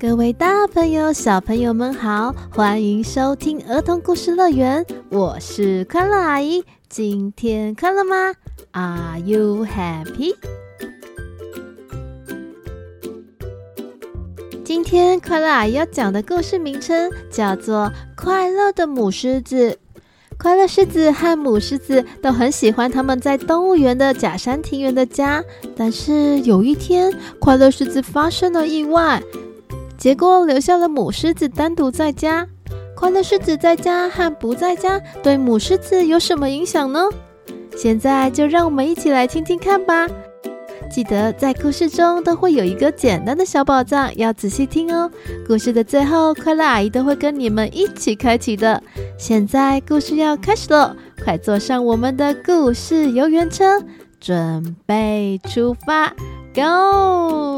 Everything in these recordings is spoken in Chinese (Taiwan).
各位大朋友、小朋友們好，歡迎收聽兒童故事樂園。我是快樂阿姨，今天快樂嗎？Are you happy？今天快樂阿姨要講的故事名稱叫做《快樂的母獅子》。快樂獅子和母獅子都很喜歡他們在動物園的假山庭園的家，但是有一天，快樂獅子發生了意外。結果留下了母獅子單獨在家。快樂獅子在家和不在家對母獅子有什麼影響呢？現在就讓我們一起來聽聽看吧。記得在故事中都會有一個簡單的小寶藏，要仔細聽哦。故事的最後，快樂阿姨都會跟你們一起開啟的。現在故事要開始嘍，快坐上我們的故事遊園車，準備出發，Go！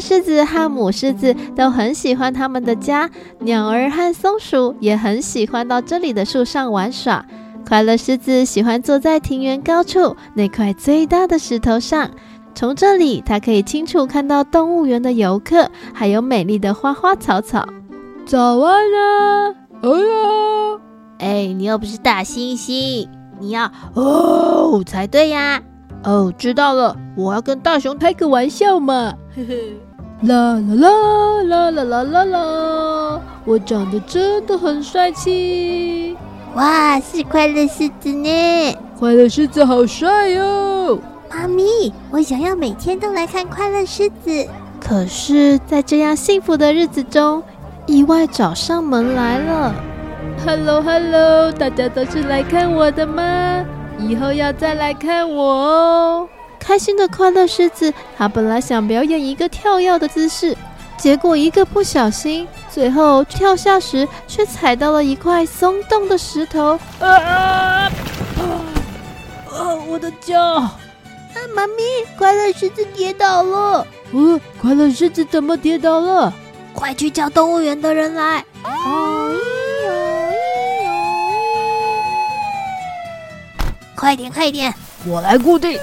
獅子和母獅子都很喜歡他們的家，鳥兒和松鼠也很喜歡到這裡的樹上玩耍。快樂獅子喜歡坐在庭園高處那塊最大的石頭上，從這裡它可以清楚看到動物園的遊客，還有美麗的花花草草。早安啊！哎呦，哎，你又不是大猩猩，你要哦才對呀。哦，知道了，我要跟大熊開個玩笑嘛，嘿嘿。啦啦啦啦啦啦啦啦！我長得真的很帥氣。哇，是快樂獅子呢！快樂獅子好帥喲！媽咪，我想要每天都來看快樂獅子。可是，在這樣幸福的日子中，意外找上門來了。Hello，Hello，Hello，大家都是來看我的嗎？以後要再來看我哦！開心的快樂獅子，它本來想表演一個跳躍的姿勢，結果一個不小心，最後跳下時卻踩到了一塊鬆動的石頭。啊,啊！啊！我的腳！啊、哎，媽咪，快樂獅子跌倒了！嗯，快樂獅子怎麼跌倒了？快去叫動物園的人來！哦咦哦咦哦！哦哦快點，快點，我來固定。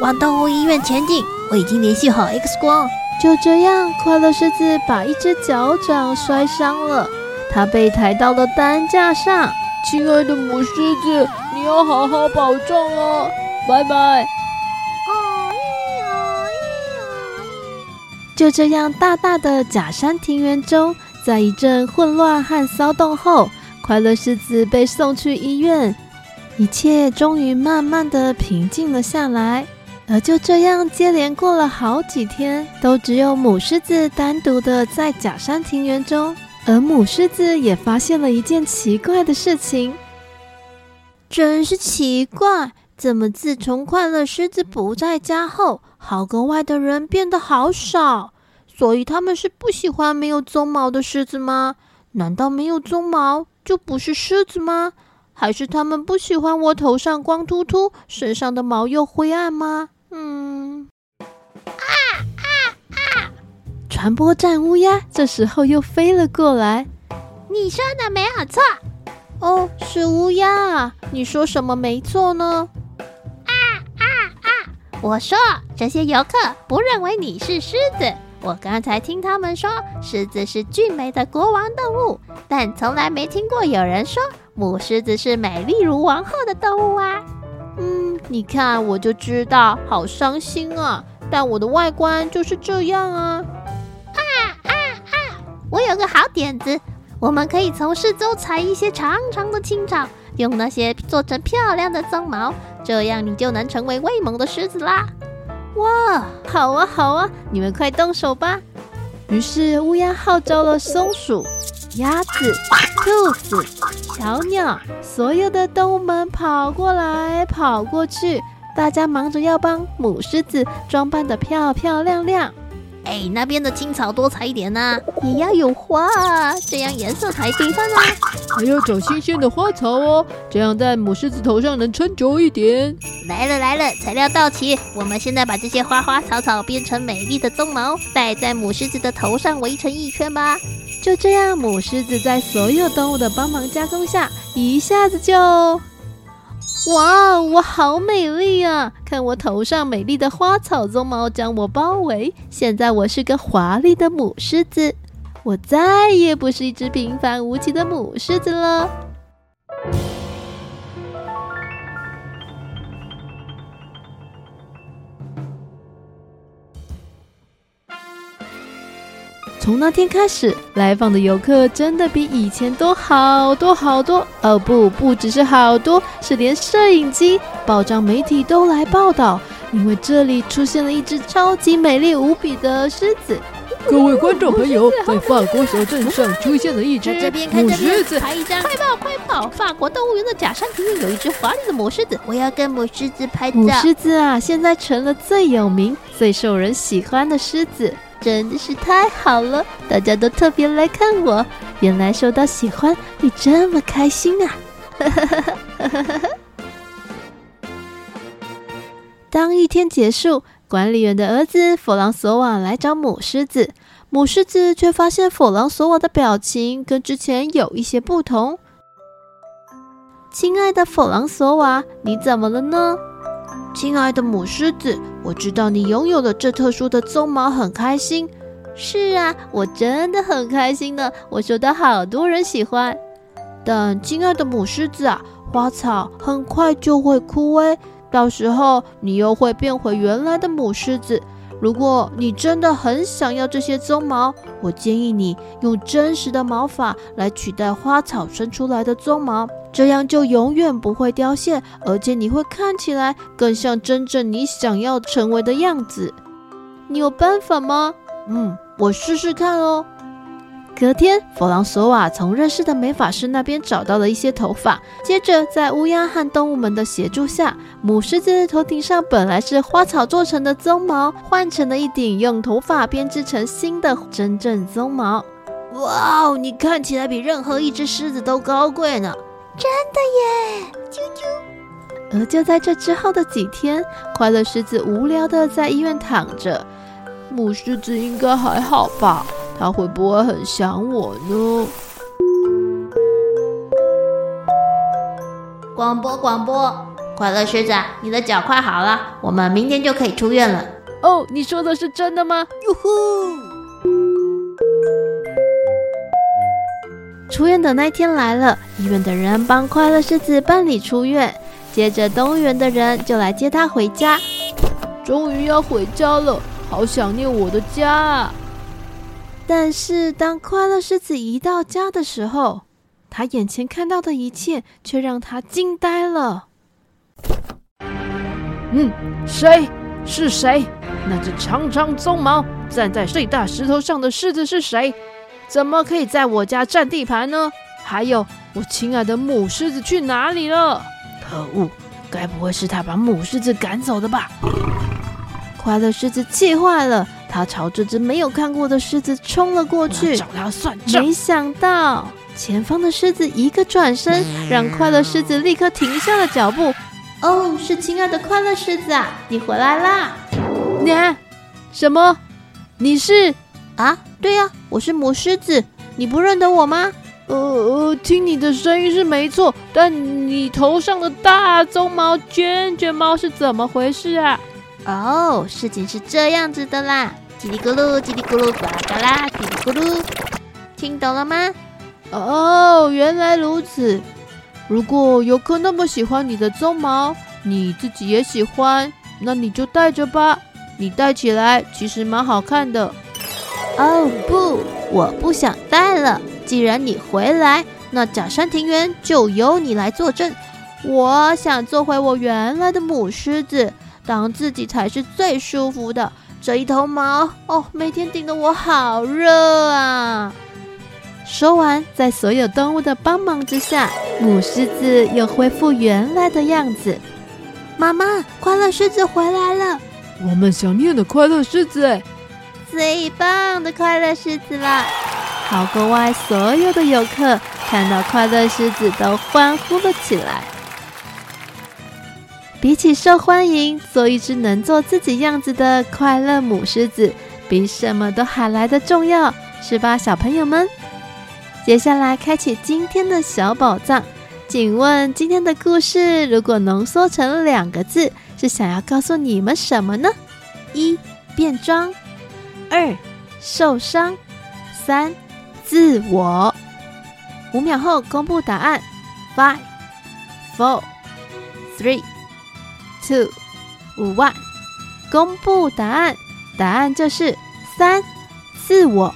往動物醫院前進，我已經聯繫好 X 光。就這樣，快樂獅子把一隻腳掌摔傷了，它被抬到了擔架上。親愛的母獅子，你要好好保重哦、啊，拜拜。哦咿哦咿哦咿。就這樣，大大的假山庭園中，在一陣混亂和騷動後，快樂獅子被送去醫院，一切終於慢慢的平靜了下來。而就這樣接連過了好幾天，都只有母獅子單獨的在假山庭園中。而母獅子也發現了一件奇怪的事情，真是奇怪，怎麼自從快樂獅子不在家後，壕溝外的人變得好少？所以他們是不喜歡沒有鬃毛的獅子嗎？難道沒有鬃毛就不是獅子嗎？還是他們不喜歡我頭上光禿禿，身上的毛又灰暗嗎？嗯，啊啊啊！啊啊傳播站烏鴉這時候又飛了過來。你說的沒有錯。哦，是烏鴉啊！你說什麼沒錯呢？啊啊啊！我說這些遊客不認為你是獅子。我剛才聽他們說，獅子是俊美的國王動物，但從來沒聽過有人說母獅子是美麗如王後的動物啊。你看，我就知道，好傷心啊！但我的外觀就是這樣啊！哈哈哈，我有個好點子，我們可以從四周採一些長長的青草，用那些做成漂亮的鬃毛，這樣你就能成為威猛的獅子啦！哇，好啊，好啊，你們快動手吧！於是烏鴉號召了松鼠、鴨子、兔子、小鳥，所有的動物們跑過來跑過去，大家忙着要幫母獅子裝扮得漂漂亮亮。哎，那邊的青草多採一點呢，啊，也要有花，啊，這樣顏色才繽紛啊！還要找新鮮的花草哦，這樣在母獅子頭上能撐久一點。來了來了，材料到齊，我們現在把這些花花草草編成美麗的鬃毛，戴在母獅子的頭上圍成一圈吧。就這樣，母獅子在所有動物的幫忙加工下，一下子就，哇，我好美麗呀！看我頭上美麗的花草鬃毛，將我包圍，現在我是個華麗的母獅子，我再也不是一隻平凡無奇的母獅子了。從那天開始，來訪的遊客真的比以前多好多好多。哦，不，不只是好多，是連攝影機、報章媒體都來報道，因為這裡出現了一隻超級美麗無比的獅子。各位觀眾朋友，在法國小鎮上出現了一隻母獅子，拍一張，快跑，快跑！法國動物園的假山庭院有一隻華麗的母獅子，我要跟母獅子拍照。母獅子啊，現在成了最有名、最受人喜歡的獅子。真的是太好了，大家都特別來看我。原來受到喜歡會這麼開心啊！ 當一天結束，管理員的兒子弗朗索瓦來找母獅子，母獅子卻發現弗朗索瓦的表情，跟之前有一些不同。親愛的弗朗索瓦，你怎麼了呢？親愛的母獅子，我知道你擁有了這特殊的鬃毛，很開心。是啊，我真的很開心呢。我受到好多人喜歡。但親愛的母獅子啊，花草很快就會枯萎，到時候你又會變回原來的母獅子。如果你真的很想要這些鬃毛，我建議你用真實的毛髮來取代花草生出來的鬃毛。這樣就永遠不會凋謝，而且你會看起來更像真正你想要成為的樣子。你有辦法嗎？嗯，我試試看哦。隔天，弗朗索瓦從認識的美髮師那邊找到了一些頭髮，接着在烏鴉和動物們的協助下，母獅子的頭頂上本來是花草做成的鬃毛，換成了一頂用頭髮編織成新的真正鬃毛。哇哦，你看起來比任何一只獅子都高貴呢！真的耶！啾啾。而就在這之後的幾天，快樂獅子無聊的在醫院躺着。母獅子應該還好吧？它會不會很想我呢？廣播廣播，快樂獅子，你的腳快好了，我們明天就可以出院了。哦，你說的是真的嗎？喲呼！出院的那天來了，醫院的人幫快樂獅子辦理出院，接着動物園的人就來接他回家。終於要回家了，好想念我的家啊。但是當快樂獅子一到家的時候，他眼前看到的一切卻讓他驚呆了。嗯，誰？是誰？那隻長長鬃毛站在最大石頭上的獅子是誰？怎麼可以在我家佔地盤呢？還有，我親愛的母獅子去哪裡了？可惡，該不會是他把母獅子趕走的吧？快樂獅子氣壞了，他朝這只沒有看過的獅子衝了過去，找他算賬。沒想到前方的獅子一個轉身，讓快樂獅子立刻停下了腳步。哦，是親愛的快樂獅子啊，你回來啦？你，什麼？你是？啊，對呀、啊，我是母獅子，你不認得我嗎？呃呃，聽你的聲音是沒錯，但你頭上的大鬃毛卷卷貓是怎麼回事啊？哦，oh, 事情是這樣子的啦，嘰里咕嚕，嘰里咕嚕，呱嘎啦，嘰里咕嚕，聽懂了嗎？哦，原來如此。如果遊客那麼喜歡你的鬃毛，你自己也喜歡，那你就戴着吧。你戴起來其實蠻好看的。哦，不，我不想帶了。既然你回來，那假山庭園就由你來坐鎮。我想做回我原來的母獅子，當自己才是最舒服的。這一頭毛哦，每天頂得我好熱啊！說完，在所有動物的幫忙之下，母獅子又恢復原來的樣子。媽媽，快樂獅子回來了，我們想念的快樂獅子，欸。最棒的快樂獅子了！好，國外所有的遊客看到快樂獅子都歡呼了起來。比起受歡迎，做一隻能做自己樣子的快樂母獅子，比什麼都還來得重要。是吧，小朋友們？接下來開啟今天的小寶藏。請問今天的故事如果濃縮成了兩個字，是想要告訴你們什麼呢？一、變裝。二，受傷；三，自我。五秒後公布答案。five, four, three, two, one。公布答案，答案就是三，自我。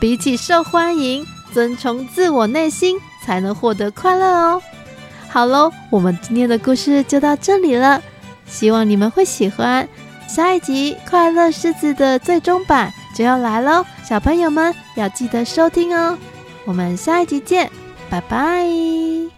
比起受歡迎，遵從自我內心才能獲得快樂哦。好嘍，我們今天的故事就到這裡了，希望你們會喜歡。下一集《快樂獅子》的最終版就要來嘍，小朋友們要記得收聽哦。我們下一集見，拜拜。